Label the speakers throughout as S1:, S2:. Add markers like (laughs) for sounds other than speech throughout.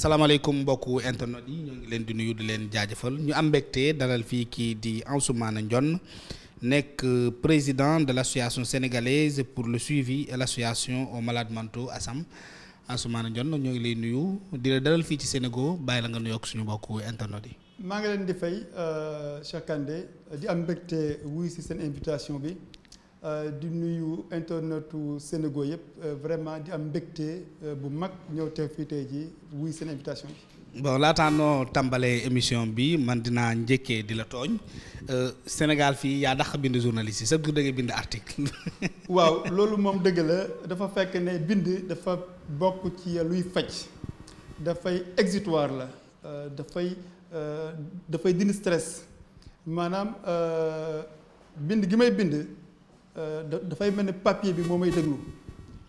S1: salaamaaleykum mbokku internet yi ñoo ngi leen di nuyu di leen jaajëfal ñu am mbégte dalal fii kii di Ansoumana Ndione nekk président de l' association sénégalaise pour le suivi et l' association assam malades mentaux ASAM Ansoumana Ndione ñoo ngi lay nuyu di la dalal fii ci Sénégal bàyyi la nga nuyoog suñu mbokku internet yi.
S2: maa ngi leen di fay euh, Cheikh Kandé di am mbégte wuy si seen invitation bi. Euh, di nuyu internetu Sénégal yëpp euh, vraiment di am mbégte euh, bu mag ñëw teew fii tey jii wuy seen invitation
S1: bi. bon laataa noo tàmbalee émission bi man dinaa njëkkee di la tooñ Sénégal fii yaa dàq bind journaliste yi sax du dangay bind article.
S2: (laughs) waaw loolu moom dëgg la dafa fekk ne bind dafa bokk ci luy faj dafay exutoire la dafay dafay dindi stress maanaam bind gi may bind. Euh, dafay mel ni papier bi moo may déglu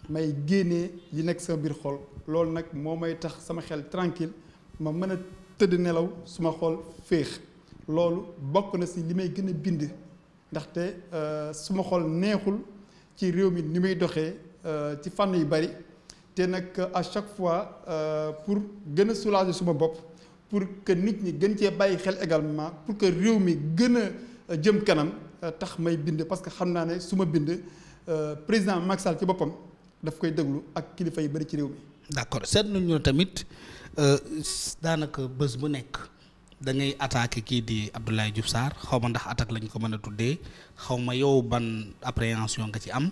S2: may génnee li nekk sama biir xol loolu nag moo may tax sama xel tranquille ma mën a tëdd nelaw suma xol féex loolu bokk na si li may gën a bind ndaxte euh, suma xol neexul ci réew mi ni muy doxee euh, ci fànn yu bari te nag à chaque fois pour gën a soulager suma bopp pour que nit ñi gën cee bàyyi xel également pour que réew mi gën a jëm kanam Euh, tax may bind parce que xam naa ne su ma bind euh, président Macky Sall ci boppam daf koy déglu ak kilifa yu bëri ci réew mi.
S1: d'accord seetlu ñu tamit euh, daanaka bés bu nekk dangay ngay kii di Abdoulaye Diouf Sarr xaw ma ndax attaque lañ ko mën a tuddee xaw ma yow ban appréhension nga ci am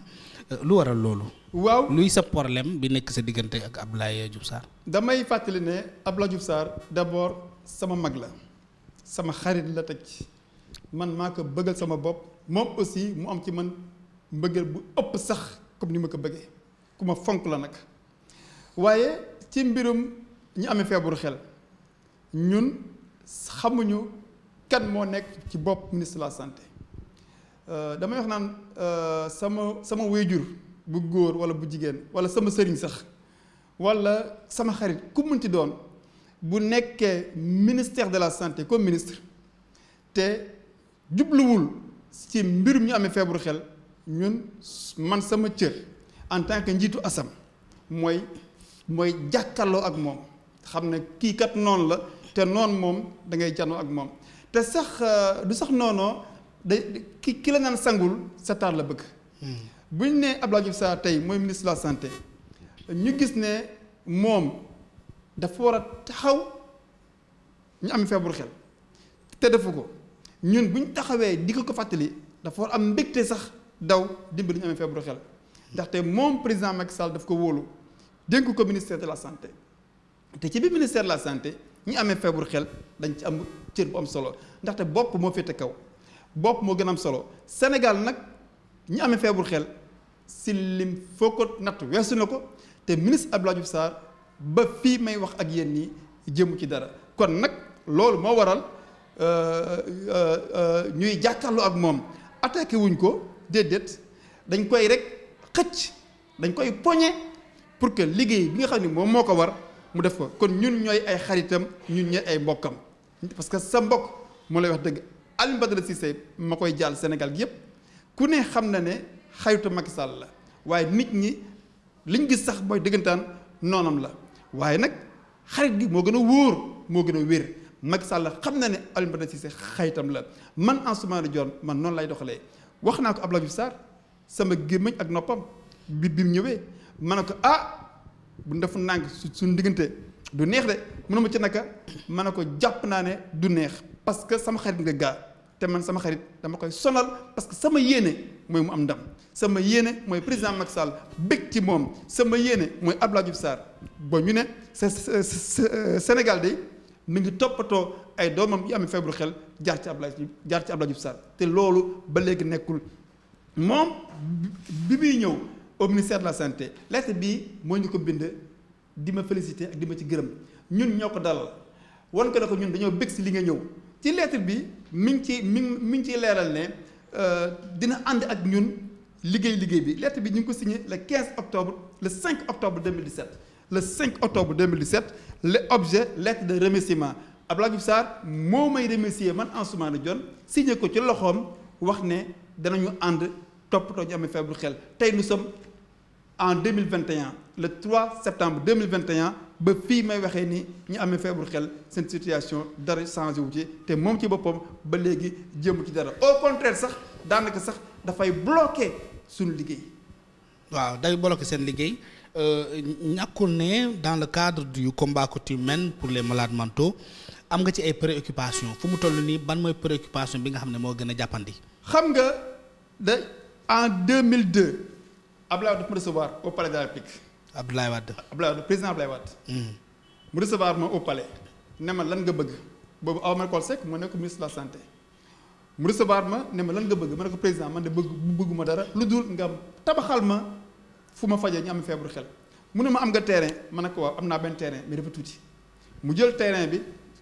S1: lu waral loolu. waaw luy sa problème bi nekk sa diggante ak Abdoulaye Diouf
S2: damay fàttali ne Abdoulaye Diouf Sarr d'abord sama mag la sama xarit la teg. man maa ko bëggal sama bopp moom aussi mu am ci man mbëggeel bu ëpp sax comme ni ma ko bëggee ku ma fonk la nag waaye ci mbirum ñu amee feebaru xel ñun xamuñu kan moo nekk ci bopp ministre de la santé euh, damay wax naan euh, sama sama wéyjur bu góor walla bu jigéen walla sama sëriñ sax walla sama xarit ku mun ci doon bu nekkee ministère de la santé comme ministre te jubluwul ci mbir mi ñu amee feebaru xel ñun man sama cër en tant que njiitu asam mooy mooy jàkkaarloo ak moom xam ne kii kat noonu la te noon moom da ngay janoo ak moom te sax euh, du sax noonoo da ki ki la naan sangul sa taar la bëgg hmm. bu ñu ne Abdoulaye Diouf Sarr tey mooy ministre de la santé ñu gis ne moom dafa war a taxaw ñu am feebaru xel te defu ko ñun bu ñu taxawee di ko ko fàttali dafa war am mbégte sax daw dimbali ñu amee feebaru xel ndaxte moom président Macky Sall daf ko wóolu dénk ko ministère de la santé te ci biir ministère de la santé ñu amee feeburu xel dañ ci am cër bu am solo ndaxte bopp moo féete kaw bopp moo gën am solo Sénégal nag ñu amee feebaru xel si lim foo ko natt weesu na ko te ministre Abdoulaye Diouf Sarr ba fii may wax ak yéen yi jëmu ci dara kon nag loolu moo waral. Euh, euh, euh, ñuy jàkkaarloo ak moom attaqué wuñ ko déedéet dañ koy rek xëcc dañ koy poñe pour que liggéey bi nga xam ni moom moo ko war mu def ko kon ñun ñooy ay xaritam ñun ñooy ay mbokkam parce que sa mbokk moo lay wax dëgg Alioune Badara Cissé ma koy jàll Sénégal gi yëpp ku ne xam na ne xaritu Macky Sall la waaye nit ñi liñ gis sax mooy dëggantaan noonam la waaye nag xarit gi moo gën a wóor moo gën a wér Macky Sall xam na ne Alioune Badara Cissé xaytam la man Ansoumana Dione man noonu lay doxalee wax naa ko Abdoulaye Diouf Sarr sama gémmiñ ak noppam bi bi mu ñëwee ma ne ko ah bu def nàng su suñ diggante du neex de mënu ma ci naka ma ne ko jàpp naa ne du neex parce que sama xarit nga gaa te man sama xarit dama koy sonal parce que sama yéene mooy mu am ndam sama yéene mooy président Macky Sall bëgg ci moom sama yéene mooy Abdoulaye Diouf Sarr ba ñu ne Sénégal de mi ngi toppatoo ay doomam yi amee feebaru xel jaar ci Abdoulaye jaar ci Abdoulaye Diouf Sarr te loolu ba léegi nekkul moom bi muy ñëw au la santé lettre bi moo ñu ko bind di ma félicité ak di ma ci gërëm ñun ñoo ko dalal wan ko ne ko ñun dañoo bëgg si li nga ñëw ci lettre bi mi ngi ci mi mi ngi ciy leeral ne euh, dina ànd ak ñun liggéey liggéey bi lettre bi ñu ngi ko signé le 15 octobre le 5 octobre 2017. le 5 octobre 2017 le objet lettre de remerciement Abdoulaye Diouf Sarr moo may remercier man Ansoumana Dione signé ko ci loxoom wax ne danañu ànd toppatoo ñu amee feebaru xel tey nous sommes en 2021 le 3 septembre 2021 ba fii may waxee ni ñu amee feebaru xel seen situation dara changé wu ci te moom ci boppam ba léegi jëm ci dara au contraire sax daanaka sax dafay bloqué suñu liggéey. waaw day bloqué seen liggéey. Euh, ñàkkul
S1: ne dans le cadre du combat que tu mènes pour les malaat mentaux am nga ci ay préoccupations fu mu toll nii ban mooy préoccupation bi nga xam ne moo gën a jàppandi.
S2: xam nga de en 2002 Abdoulaye Wade dafa ma recevoir au la République. Abdoulaye Wade. Abdoulaye Wade hmm. mu recevoir ma au ne ma lan nga bëgg boobu Awa Marie Coll Seck ma nekk ministre de la santé. mu recevoir ma ne ma lan nga bëgg ma ne ko président man de bëgg bëgguma dara lu dul nga tabaxal ma. fu ma fajee ñu am feebaru xel mu ne ma am nga terrain ma ne ko waaw am naa benn terrain mais dafa tuuti mu jël terrain bi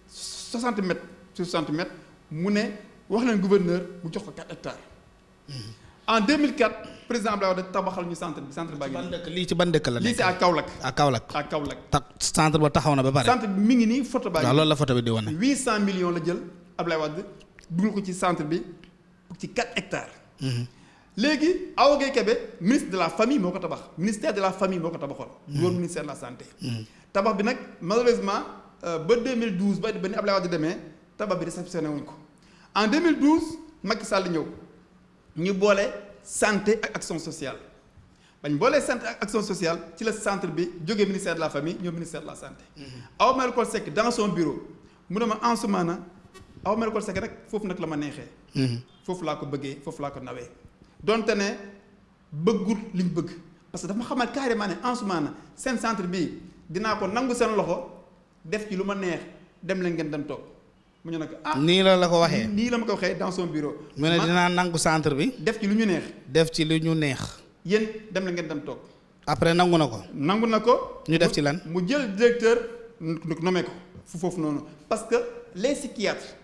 S2: 60 mètres sur 60 mu ne wax leen gouverneur mu jox ko 4 hectares. Hmm. en mill 2004 président Abdoulaye Wade tabaxal ñu centre bi centre baa ngi. lii ci
S1: ban dëkk la nekk lii ci à Kaolack. à Kaolack à Kaolack. centre ba taxaw na ba pare. centre
S2: bi mi ngi nii foto baa ngi. waaw la foto bi di wane. 800 millions la jël Abdoulaye Wade dugal ko ci centre bi ci 4 hectares. Hmm. léegi Awa Gueye Kébé ministre de la famille moo ko tabax ministère de la famille moo ko tabaxoon. yoon ministère de la santé. tabax bi nag malheureusement euh, ba 2012 ba ni Abdoulaye Wade demee tabax bi réceptionné wuñ ko en 2012 Macky Sall ñëw ñu boole santé ak action sociale bañ boolee santé ak action sociale ci la centre bi jógee ministère de la famille ñëw ministère la santé. Mm-hmm. Awa Marie Coll Seck dans son bureau mu ne ma en ce moment Awa Marie rek foofu nag la ma neexee. Mm-hmm. foofu laa ko bëggee foofu laa ko nawee. donte ne bëggut liñ bëgg parce que dafa xamal carrément ne en ce seen centre bi dinaa ko nangu seen loxo def ci lu ma neex dem leen ngeen dem toog mu ñu ne ko ah. nii la
S1: la ko waxee nii
S2: la ma ko waxee dans son bureau.
S1: mu ne dinaa nangu centre bi. def ci lu ñu neex. def ci lu ñu neex.
S2: yéen dem leen ngeen dem toog. après nangu na ko. nangu na ko. ñu def ci lan mu jël directeur. nommé ko fu foofu noonu parce que les psychiatres.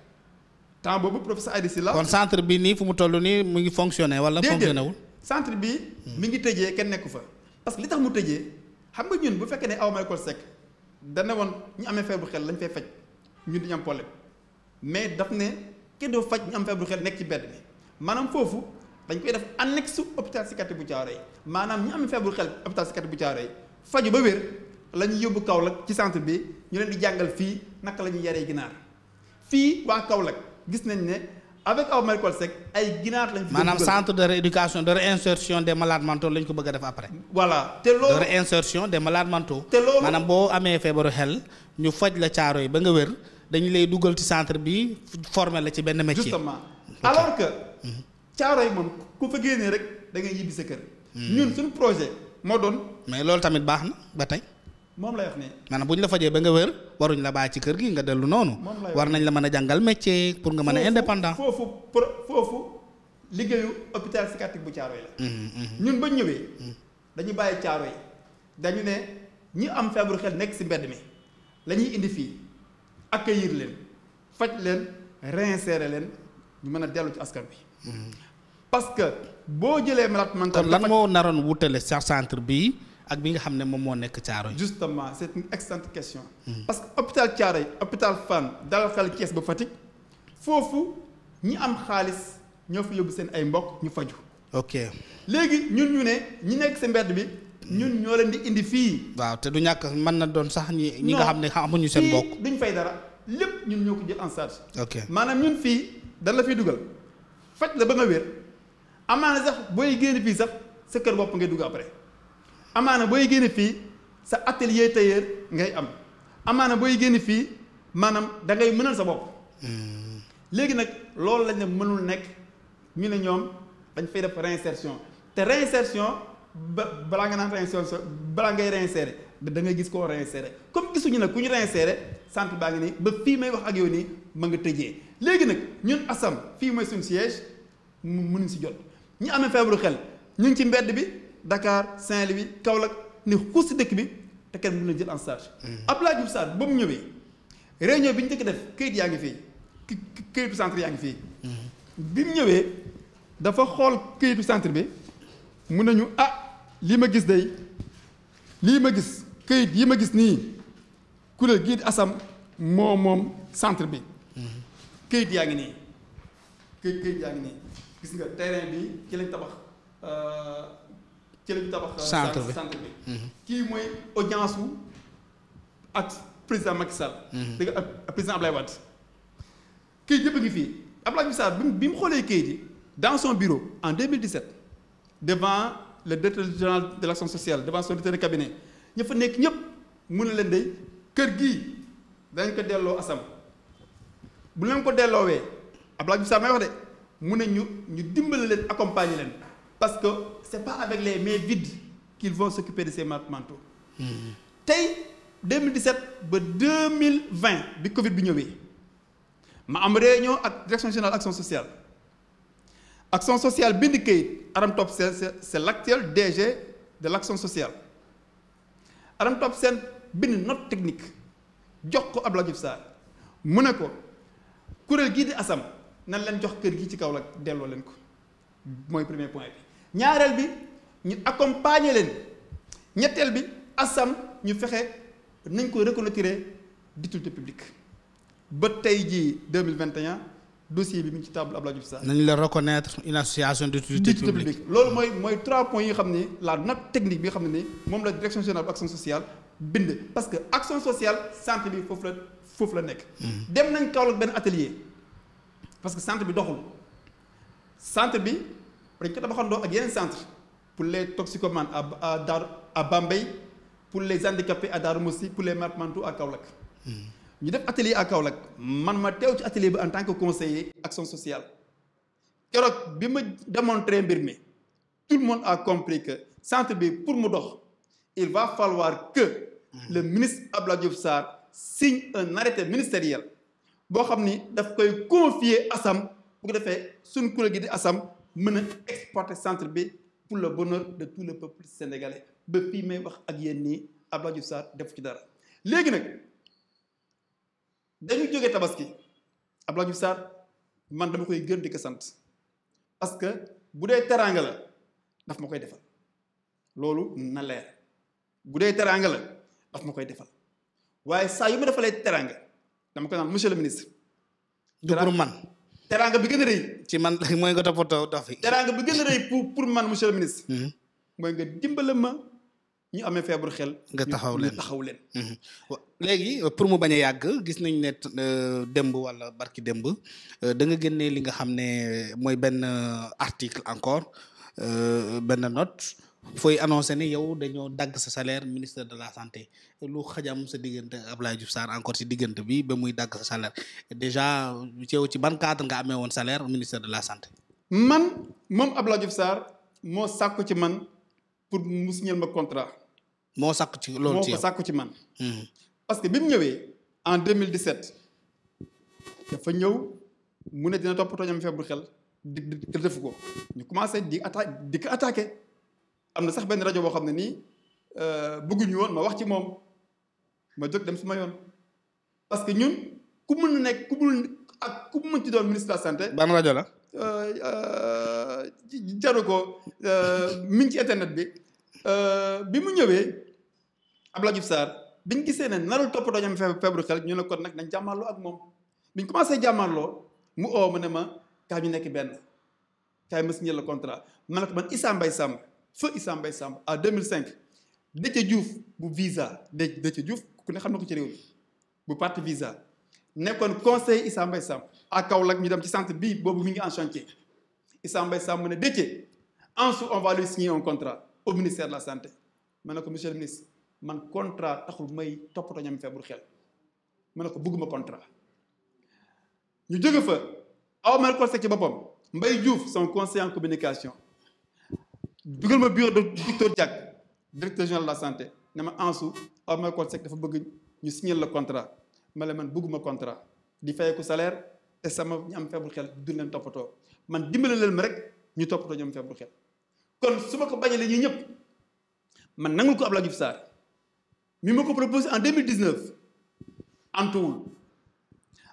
S2: temps boobu professeur Aïda la kon centre bi nii fu mu
S1: toll nii mu ngi fonctionné wala fonctionné wul
S2: centre bi mi ngi tëjee kenn nekku fa parce que li tax mu tëjee xam nga ñun bu fekkee ne aw Michael Seck dana woon ñu amee feebar xel lañu fay faj ñun duñu mais daf ne kenn doo faj ñu am feebar bu xel nekk ci bedd bi maanaam foofu dañ koy def annexe hôpital Sikati bu Thiaroye maanaam ñu am feebar bu xel hôpital Sikati bu Thiaroye faju ba wér la ñu yóbbu Kaolack ci centre bi ñu leen di jàngal fii naka la ñuy yaree ginaar fii waa Kaolack gis nañ ne avec aw Marie Coll Seck ay ginaar lañ. fi maanaam centre de
S1: rééducation de réinsertion des malades lañ ko bëgg a def après. voilà te loolu de réinsertion des maanaam boo amee feebaru xel ñu faj la caaro yi ba nga wér dañu lay dugal ci centre bi former la ci benn métier. justement
S2: alors que. Mhm. caaro yi moom ku fa génnee rek da ngay yibbi sa kër. Mhm. ñun suñu projet moo doon.
S1: mais loolu tamit baax na ba tey. moom lay wax nii. maanaam bu ñu la fajee ba nga wër waruñ la bàyyi ci kër gi nga dellu noonu. war nañ la mën a jàngal métier pour nga mën a indépendant.
S2: foofu foofu liggéeyu hôpital psychiatrique bu Caaroy la.
S1: Mm, mm, mm.
S2: ñun ba ñëwee. dañu bàyyi Caaroy dañu ne ñi am feebaru xel nekk si mbedd mi lañuy indi fii accueillir leen faj leen réinsérer leen ñu mën a dellu ci askan bi parce que boo jëlee malade mental. kon lan
S1: moo naroon wutale sa
S2: centre bi ak bi nga xam ne moom moo nekk Thiaroye justement c'est une excellente question hmm. parce que hôpital Thiaroye hôpital Fann Dalal Xel Thiès ba Fatick foofu ñi am xaalis ñoo fi yóbbu seen ay mbokk ñu faju ok léegi ñun ñu ne ñi nekk si mbedd bi ñun hmm. ñoo leen di indi fii waaw te du ñàkk mën na doon sax ñi ñi nga xam ne amuñu seen mbokk duñ fay dara lépp ñun ñoo ko jël en charge maanaam ñun fii dan la fiy dugal faj la ba nga wér ne sax booy génn fii sax sa kër bopp ngay dugg après amaana booy génne fii sa atelier tailleur ngay am amaana booy génne fii maanaam da ngay mënal sa bopp. Hmm. léegi nag loolu lañ ne mënul nekk ñu ne ñoom dañ fay def réinsertion te réinsertion ba balaa nga naan réinsertion balaa ngay réinsérer da ngay gis koo réinsérer comme gisuñu nag ku ñu réinsérer sant baa ngi ne ba fii may wax ak yow nii ma nga tëjee léegi nag ñun ASSAMM fii mooy suñu siège mu mënuñ si jot ñu amee feebaru xel ñu ci mbedd bi. Dakar Saint-Louis Kaolack ne xuus si dëkk bi te kenn mën na jël en charge. Hmm. Abdoulaye Diouf Sarr ba mu ñëwee réunion bi ñu njëkk def këyit yaa ngi fii këyitu centre yaa ngi fii. Hmm. bi mu ñëwee dafa xool këyitu centre bi mun nañu ah lii ma gis day lii ma gis këyit yi ma gis nii kuréel gii di asam moo moom centre bi. Hmm. këyit yaa ngi nii këyit këyit yaa ngi nii gis nga terrain bi ci lañ tabax. Euh, ci lañu tabax euh, centre bi mhm. kii mooy audience wu ak président Macky Sall mhm. dëgg ak président Ablaye Wade kii yëpp a ngi fii Ablaye Wade Sall bi mu xoolee kayit yi dans son bureau en 2017 devant le directeur général de l'action sociale devant son directeur de cabinet ñu fa nekk ñëpp mu ne leen day kër gi dañ ko delloo asam bu leen ko delloowee Abdoulaye Diouf Sarr may wax de mu ne ñu ñu dimbale leen accompagner leen parce que c' est pas avec les mains vides qu'ils vont s'occuper de ces malades mentaux mm-hmm. tey 2017 ba bi Covid bi ñëwee ma am réunion ak direction générale action sociale action sociale bind kayit Aram Top Sen c' est l' actuel DG de l' action sociale Aram Top Sen bind note technique jox ko Abdoulaye Diouf Sarr mu ne ko kuréel gii di asam nan leen jox kër gi ci kaw Kaolack delloo leen ko mooy premier point bi ñaareel bi ñu accompagner leen ñetteel bi ASSAMM ñu fexe nañ ko reconnaître d'utilité publique ba tey jii 2021 dossier bi mu ci table Abdoulaye Diouf Sarr.
S1: nañ la reconnaître une association publique
S2: loolu mooy mooy trois points yi xam ni la note technique bi nga xam ne moom la direction générale bu action sociale bind parce que action sociale centre bi foofu la foofu la nekk. Mm-hmm. dem nañ Kaolack benn atelier parce que centre bi doxul centre bi. dañ ko tabaxandoo ak yeneen centre pour les toxicomanes à Dar à Bambey pour les handicapés à Darou Moussi pour les malades mentaux à Kaolack. Hmm. ñu def atelier à Kaolack man ma teew ci atelier bi en tant que conseiller action sociale keroog bi ma démontré mbir mi tout le monde a compris que centre bi pour mu dox il va falloir que hmm. le ministre Abdoulaye Diouf Sarr signe un arrêté ministériel boo xam ni daf koy confier ASAM bu ko defee suñ kuréel gi di ASAM mën a exporter centre bi pour le bonheur de tout le peuple sénégalais ba fii may wax ak yéen nii Abdoulaye Diouf Sarr def ci dara léegi nag dañu jóge tabaski Abdoulaye Diouf Sarr man dama koy gën di ko sant parce que bu dee teraanga la daf ma koy defal loolu na leer bu dee teraanga la daf ma koy defal waaye saa yu ma defalee teraanga dama koy naan monsieur le ministre du man teraanga bi gën a ci man (laughs) mooy nga toppatoo dof yi. teraanga bi gën a rëy pour pour man monsieur le ministre. Mm-hmm. mooy nga dimbala ma ñu amee feebar xel. nga taxaw leen taxaw leen. Mm-hmm. léegi euh, pour mu bañ a
S1: yàgg gis nañ ne euh, démb wala barki démb euh, da nga génnee li nga xam ne mooy benn article encore benn note. fooy annoncé ne yow dañoo dagg sa salaire ministre de la santé lu xajam sa diggante Abdoulaye Diouf Sarr encore si diggante bi ba muy dagg sa salaire déjà yow ci ban cadre nga amee woon salaire ministre de la
S2: santé. man moom Abdoulaye Diouf Sarr moo sàkku ci man pour mu signer ma contrat. moo sàkku ci loolu ci yow moo ko sàkku ci man. Hmm. parce que bi mu ñëwee en 2017 dafa ñëw mu ne dina toppatoo ñam feebu xel di di def ko ñu commencé di atta di ko attaqué. am na sax benn rajo boo xam ne nii euh, bëgguñu woon ma wax ci moom ma jóg dem suma yoon parce que ñun ku mën nekk ku mën ak ku mën ci doon ministre de la santé. ban rajo la. Euh, euh, jaru ko mi ci internet bi bi mu ñëwee Abdoulaye Diouf Sarr biñ gisee ne narul toppatoo ñam feebaru xel ñu ne kon nag nañ jàmmaarloo ak moom biñ commencé jàmmaarloo mu oo ma ne ma kaa ñu nekk benn kaay ma signé le contrat ma ne ko man Issa Mbaye Samb feu Issa Mbaye Samb en 2005 Déthié Diouf bu visa Dé Déthié Diouf ku ne xam na ko ci réew bu parti visa nekkoon conseil Issa Mbaye Samb à Kaolack ñu dem ci centre bii boobu mi ngi en chantier Issa Mbaye Samb mu ne Déthié en dessous on va lui signer un au ministère la santé ma ne ko monsieur le ministre man contrat taxul may toppatoo ñam feebur xel ma ne ko bëgguma contra ñu jóge fa aw ma ko ci boppam Mbaye Diouf son conseiller en communication dugal ma bio de docteur Diack directeur de la santé ne ma Ansou Hormel Consec dafa bëgg ñu signer la contrat ma la man bëgguma contrat di fayeku salaire te sama ñu am feebar xel du leen toppatoo man dimbale leen ma rek ñu toppatoo ñu am feebar xel kon su ma ko bañalee ñi ñëpp man nangul ko Abdoulaye Diouf Sarr mi ma ko proposé en 2019 antuwul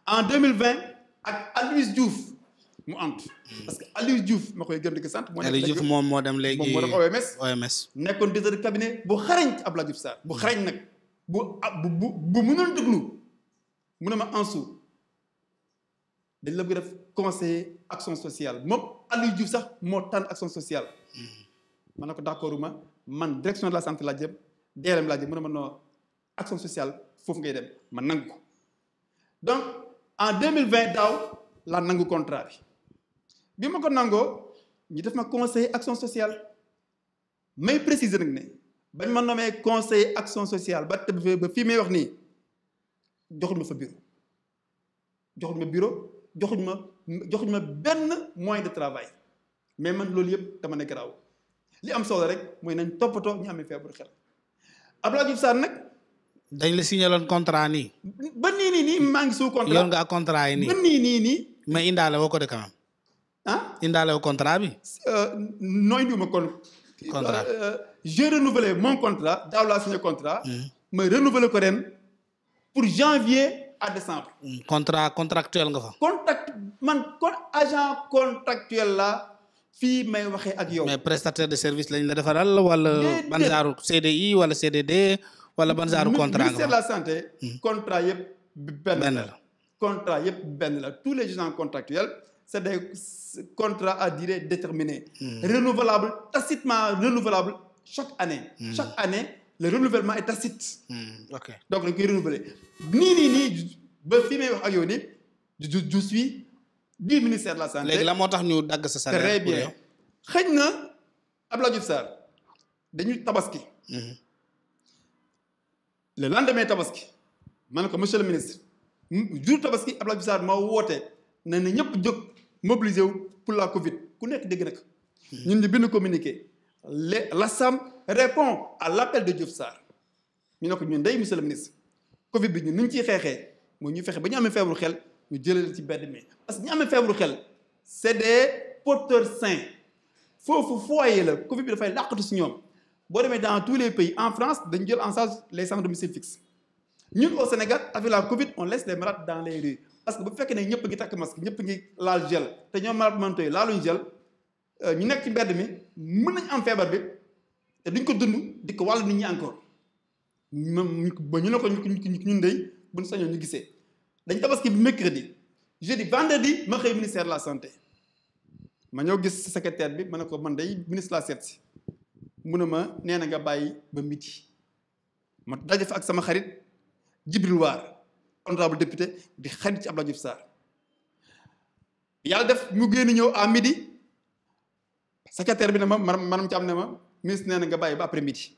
S2: en 2020 ak Aloyse Diouf mu ant parce que Aliou Diouf ma koy gëm di sant. moo nekk moom
S1: moo dem léegi moom moo dem OMS. OMS nekkoon
S2: directeur de cabinet bu xarañ Abdoulaye bu xarañ nag bu bu bu bu mënoon déglu mu ne ma Ansou dañ la bëgg def conseiller action sociale moom Aliou Diouf sax moo tànn action sociale. Hmm. ma ne ko d' accord ma man direction de la santé laa jëm DRM laa jëm mu ne ma non action sociale foofu ngay dem ma nangu ko donc en vingt daaw laa nangu contrat bi. bi ma ko nangoo ñu def ma conseil action sociale may préciser nag ne bañ ma nommee conseil action sociale ba tëb ba fii may wax nii joxuñ ma fa bureau joxuñ ma bureau joxuñ ma joxuñ ma benn moyen de travail mais man loolu yëpp dama ne garaaw li am solo rek mooy nañ toppatoo ñu amee feebaru xel Abdoulaye Diouf Sarr nag.
S1: dañ la signaloon contrat nii.
S2: ba nii nii nii maa ngi sous contrat. yoon
S1: nga contrat yi nii ba nii nii nii. indaale woo ko de kanam. ah indaale contrat bi.
S2: Euh, nooy ndiwuma kon. contrat euh, j'ai renouvelé mon contrat daaw laa signé contrat. ma renouvelé ko ren pour janvier à décembre.
S1: Hmm, contrat contractuel nga fa.
S2: contract man kon agent contractuel la fii may waxee ak yow. mais prestataire de service lañu la defaral wala. ban
S1: genre CDI wala CDD wala ban genre contrat. ministère de
S2: la santé. Hmm. contrat yëpp benn la. contrat yëpp benn la tous les agents contractuels. c'est des contrat à durée déterminée. Mmh. renouvelable tacitement renouvelable chaque année. Hmm. chaque année le renouvellement est tacite. Hmm, ok donc dañ koy renouveler nii nii nii ba fi may wax ak yow nii je ministère la santé. léegi la moo tax ñu dagg sa salaire. très bien xëy na Abdoulaye Diouf Sarr dañuy tabaski. Hmm. le lendemain tabaski ma ne ko monsieur le ministre jour tabaski Abdoulaye Diouf Sarr moo woote na ne ñëpp jóg mobiliser wu pour la Covid ku nekk dégg nag ñun ñu bind communiqué les sam répond à l'appel de Diouf Sarr ñu ne ko ñun day monsieur le ministre Covid bi ñu ni ñu ciy xeexee mooy ñu fexe ba ñu amee feebaru xel ñu jëlee ci bedd mi parce que ñu amee feebaru xel c'est des porteurs sains foofu foyer la Covid bi dafay làqatu si ñoom boo demee dans tous les pays en France dañu jël en charge les centres domicile fixe ñun au Sénégal avec la Covid on laisse les malades dans les parce que bu fekkee ne ñëpp ngi takk masque ñëpp ngi laal gel te ñoom malade mentaux yi laaluñ gel euh, ñu nekk ci mbedd mi mën nañ am feebar bi te duñ ko dund di ko wàllu nit ñi encore ba ñu ne ko ñun dey buñ sañoo ñu gisee dañ tabaski bi mercredi jeudi vendredi ma xëy ministère de la santé ma ñëw gis secrétaire bi ma ne ko man dey ministre la seet si mu ne ma nee na nga bàyyi ba midi ma daje fa ak sama xarit Jibril honorable député di xarit ci Abdoulaye Diouf saa yàlla def mu génn ñëw à midi secrétaire bi ne ma manam ci am ne ma ministre nee na nga bàyyi ba après midi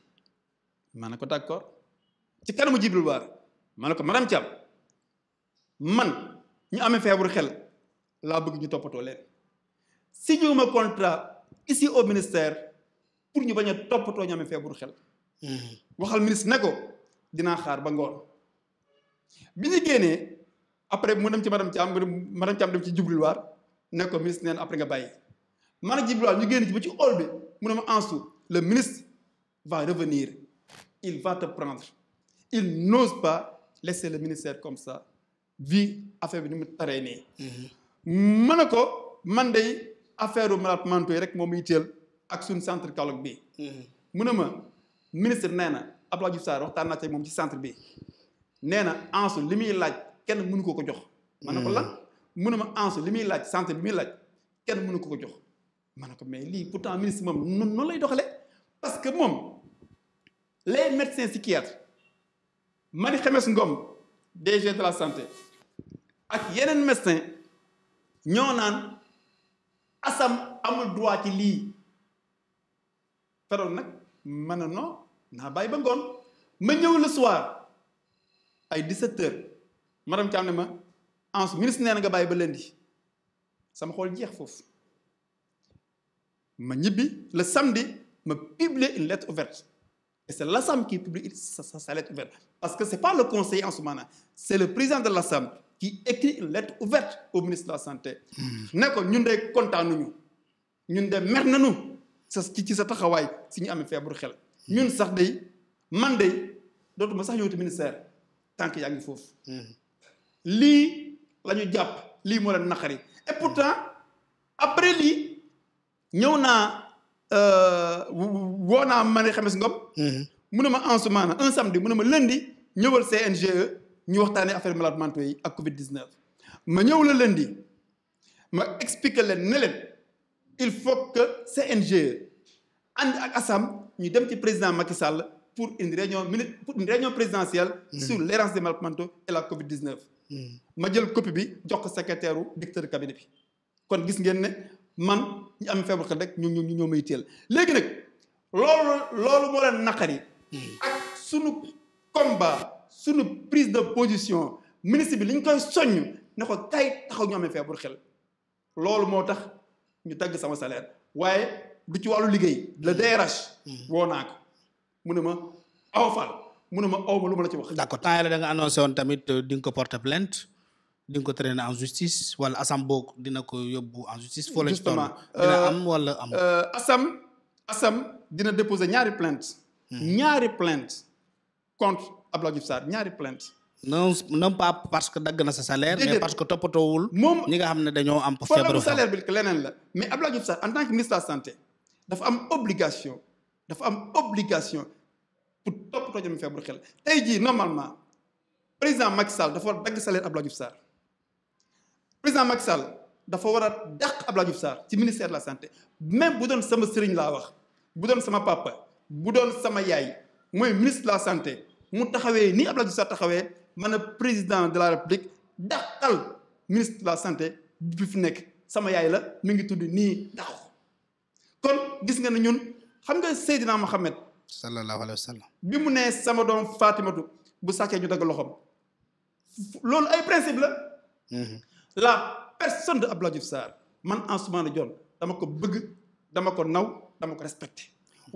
S2: ma ne ko d'accord ci kanamu Djibril War ma ne ko madame Thiam man ñu amee feebur xel laa bëgg ñu toppatoo leen signé wu ma contrat ici au ministère pour ñu bañ a toppatoo ñu amee feebaru xel mm-hmm. waxal ministre ne ko dinaa xaar ba ngoon bi ñu génnee après mu dem ci madame Thiam madame Thiam dem ci Djibril War ne ko ministre neen après nga bàyyi man ak Djibril War ñu génn ci ba ci hall bi mun na ma Ansu le ministre va revenir il va te prendre il n'ose pas laisser le ministère comme ça vi affaire bi ni mu taree nii mën mm-hmm. na ko man day affaire u malade mentaux yi rek moom yitteel ak suñ centre dialogue bi mm-hmm. mu ne ma ministre nee na Abdoulaye Diouf Sarr waxtaan naa ci moom ci centre bi nee na ansu li muy laaj kenn munu ko ko jox. ma ne ko hmm. la mu ne ma ansu li muy laaj santé bi muy laaj kenn mënu ko ko jox. ma ne ko mais lii pourtant ministre moom noonu lay doxalee parce que moom les médecins psychiatres Marie Khemesse Ngom DG de la santé ak yeneen médecin ñoo naan asam amul droit ci lii feroon nag ma a non naa bàyyi ba ngoon ma ñëw la soir. ay 17 heures madame Thiam ne ma ans ministre nee nga bàyyi ba leen lundi sama xool jeex foofu ma ñibbi la samedi ma publier une lettre ouverte et c'est l'Assemblée qui publie sa, sa, sa lettre ouverte parce que c'est pas le conseiller en ce moment c'est le président de l'Assemblée qui écrit une lettre ouverte au ministre la santé hmm. ne ko ñun de kontaanuñu ñun de mer nañu sa ci sa taxawaay si ñu amee feebaru xel hmm. ñun sax day man day dootuma sax ñëwati ministère tànk yaa ngi foofu. Hmm. lii la jàpp lii moo leen naqari et pourtant après yi ñëw naa euh, woo naa Marie Khemesse Ngom. Hmm. mu ne ma en ce moment un samedi mu ne ma lundi ñëwal CNGE ñu waxtaanee affaire malades mentaux yi ak Covid 19. ma ñëw la lundi ma explique leen ne il faut que CNGE ànd ak ASAM ñu dem ci président Macky Sall. pour une réunion minute pour une réunion présidentielle. Hmm. sur l'errance des malplanto et la Covid 19. Hmm. ma jël copie bi jox ko secrétaire u directeur cabinet bi kon gis ngeen ne man ñu am feebar xel rek ñu ñu ñoo may teel léegi nag loolu loolu moo leen naqari. Hmm. ak sunu combat sunu prise de position ministre bi liñ koy soññ ne ko kay taxaw ñu amee feebar xel loolu moo tax ñu dagg sama salaire waaye du ci wàllu liggéey le DRH. woo naa ko. mu ne ma aw Fall mu ne ma aw ma lu ma la ci wax. d'
S1: accord temps yàlla da nga annoncé woon tamit euh, di nga ko porter plainte di nga ko traîner en justice wala asam boog dina ko yóbbu en justice. foo lañ toll euh, dina am
S2: wala am. Euh, asam asam dina déposer ñaari plainte hmm. ñaari plainte contre Abdoulaye Diouf Sarr ñaari plainte non non pas
S1: parce que dagg na sa salaire. mais parce que toppatoowul. moom ñi nga xam ne dañoo am. feebaru salaire
S2: bi leneen la mais Abdoulaye Diouf Sarr en tant que ministre de la santé dafa am obligation. dafa am obligation pour topp toppatoo ñoom feebaru xel tey jii normalement président Macky Sall dafa war a dagg salaire Abdoulaye Diouf président Macky dafa war a dàq Abdoulaye Diouf Sarr ci ministère la santé même bu doon sama sëriñ laa wax bu doon sama papa bu doon sama yaay mooy ministre la santé mu taxawee nii Abdoulaye Diouf Sarr taxawee man a président de la république dàqal ministre la santé bi fi nekk sama yaay la mi ngi tudd nii dàq kon gis nga ne ñun. xam nga Seydina Mohamed. sallallahu alayhi wa sallam. bi mu nee sama doom Fatimatu bu sàccee ñu dagg loxoom loolu ay principe la. Mhm. la personne de Abdoulaye Diouf Sarr man Ansoumana Dione dama ko bëgg dama ko naw dama ko respecté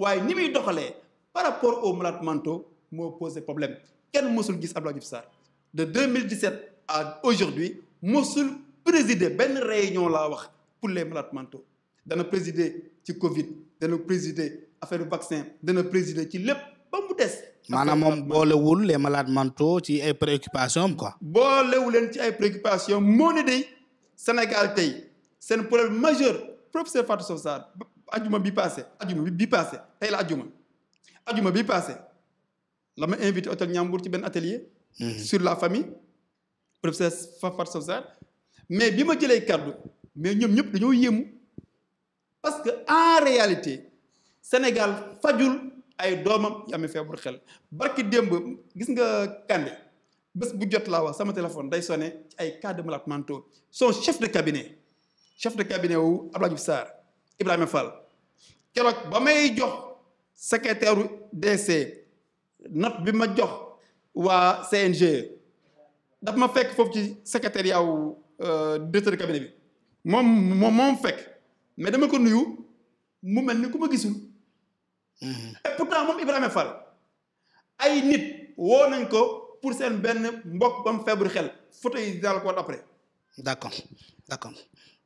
S2: waaye ni muy doxalee par rapport aux malades mentaux moo posé problème kenn mosul gis Abdoulaye Diouf Sarr de 2017 à aujourd'hui mosul présider benn réunion laa wax pour les malades mentaux. dana présider ci Covid dana présider affaire vaccin dana présider ci lépp ba mu des. maanaam moom
S1: boolewul les malades manto ci ay préoccupations am quoi.
S2: boolewu leen ci ay préoccupations moo ne day Sénégal tey seen problème majeur professeur Fatou Sow Sarr ajuma bi passé ajuma bi passé tey la ajuma ajuma bi passé la ma invité hôtel Ñambour ci benn atelier. Mhm. sur la famille professeur Fatou Sow mais bi ma jëlee kardu mais ñoom ñëpp dañoo yéemu. parce que en réalité Sénégal fajul ay doomam yu amee feebaru xel barki démb gis nga Kande bés bu jot laa wax sama téléphone day sonné ci ay cas de malades son chef de cabinet chef de cabinet wu Abdoulaye Diouf Sarr Ibrahima Fall keroog ba may jox secretaire DC note bi ma jox waa CNG daf ma fekk foofu ci secretaire euh, yaw directeur de cabinet bi moom moom moom fekk mais dama ko nuyu mu mel ni ku ma gisul. Mhm. et pourtant moom Ibrahima Fall ay nit woo nañ ko pour seen benn mbokk ba mu feebar xel photo yi daal ko après. d' accord d' accord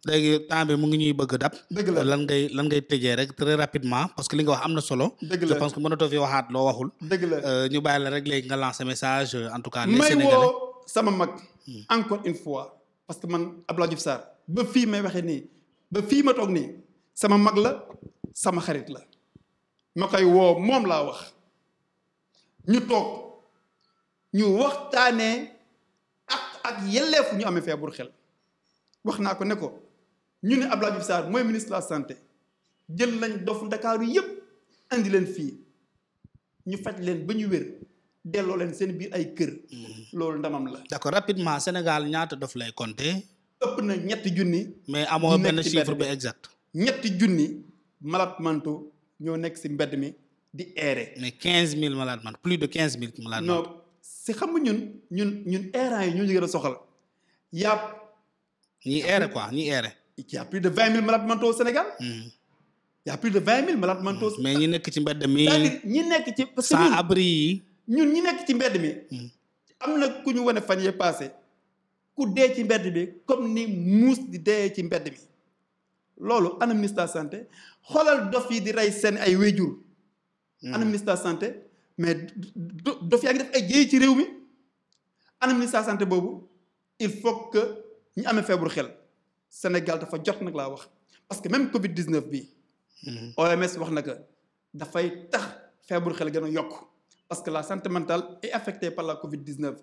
S1: léegi bi mu ngi ñuy bëgg dab. dëgg lan ngay lan ngay tëjee rek très rapidement parce que li nga wax am na solo. dëgg la je pense que mënatoo fi waxaat loo waxul. dëgg la euh, ñu bàyyi la rek léegi message en tout cas. les Sénégalais may
S2: woo sama mag. Hmm. encore une fois parce que man Abdoulaye Diouf Sarr ba fii may waxee nii. ba fii ma toog nii sama mag la sama xarit la ma koy woo moom laa wax ñu toog ñu waxtaanee ak ak yelleefu ñu amee feebaru xel wax naa ko ne ko ñu ne ab Diouf Sarr mooy ministre la santé jël nañ dof ndakaaru yëpp indi leen fii ñu faj leen ba ñu wér delloo leen seen biir ay kër mm-hmm. loolu ndamam la. d'accord rapidement
S1: Sénégal ñaata dof lay compter.
S2: ëpp na ñetti junni.
S1: mais amoo benn chiffre bi exact
S2: ñetti junni malades mentaux ñoo nekk ci mbedd mi di errer. mais quinze
S1: mille malades mentaux plus de quinze mille malades mentaux.
S2: si xam nga ñun ñun ñun errants yi ñu gën a soxal y'a ñi erre quoi ñi erre. y' plus de vingt mille malades mentaux au Sénégal. Hmm. y' plus de vingt mille malades mentaux. Hmm. mais ñi nekk ci mbedd mi. ñi nekk ci parce que sans yi. ñun ñi nekk ci mbedd mi. Hmm. am na ku ñu wane fan yee passé ku dee ci mbedd bi comme ni muus di dee ci mbedd mi loolu ana santé xoolal dof yi di rey seen ay wéjur hmm. ana ministère santé mais dof yaa ngi def ay jéey ci réew mi ana ministère santé boobu il faut que ñu amee feebaru xel Sénégal dafa jot nag laa wax parce que même Covid 19 bi hmm. OMS wax na que dafay tax feebaru xel gën a yokk parce que la santé mentale est affectée par la Covid 19.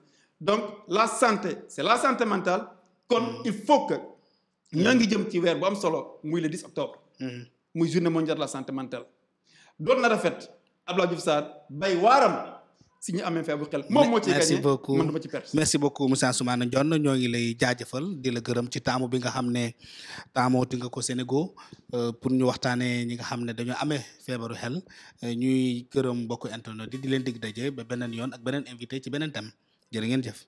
S2: donc la santé c'est la santé mentale kon mm. il faut que ñoo ngi mm. jëm ci weer bu am solo muy le 10 octobre mm. muy journée mondiale de la santé mentale doon na rafet Abdoulaye Diouf saat bay waaram si ñu amee feebu xel moom moo ci merci beaucoup man dama ci perte merci
S1: beaucoup Moussa Soumana ñoo ngi lay jaajëfal di la gërëm ci taamu bi nga xam ne taamoo taamooti nga ko Sénégal euh, pour ñu waxtaanee ñi nga xam ne dañoo amee feebaru xel euh, ñuy gërëm mbokku internet yi di leen dig daje ba beneen yoon ak beneen invité ci beneen jërë ngeen jëf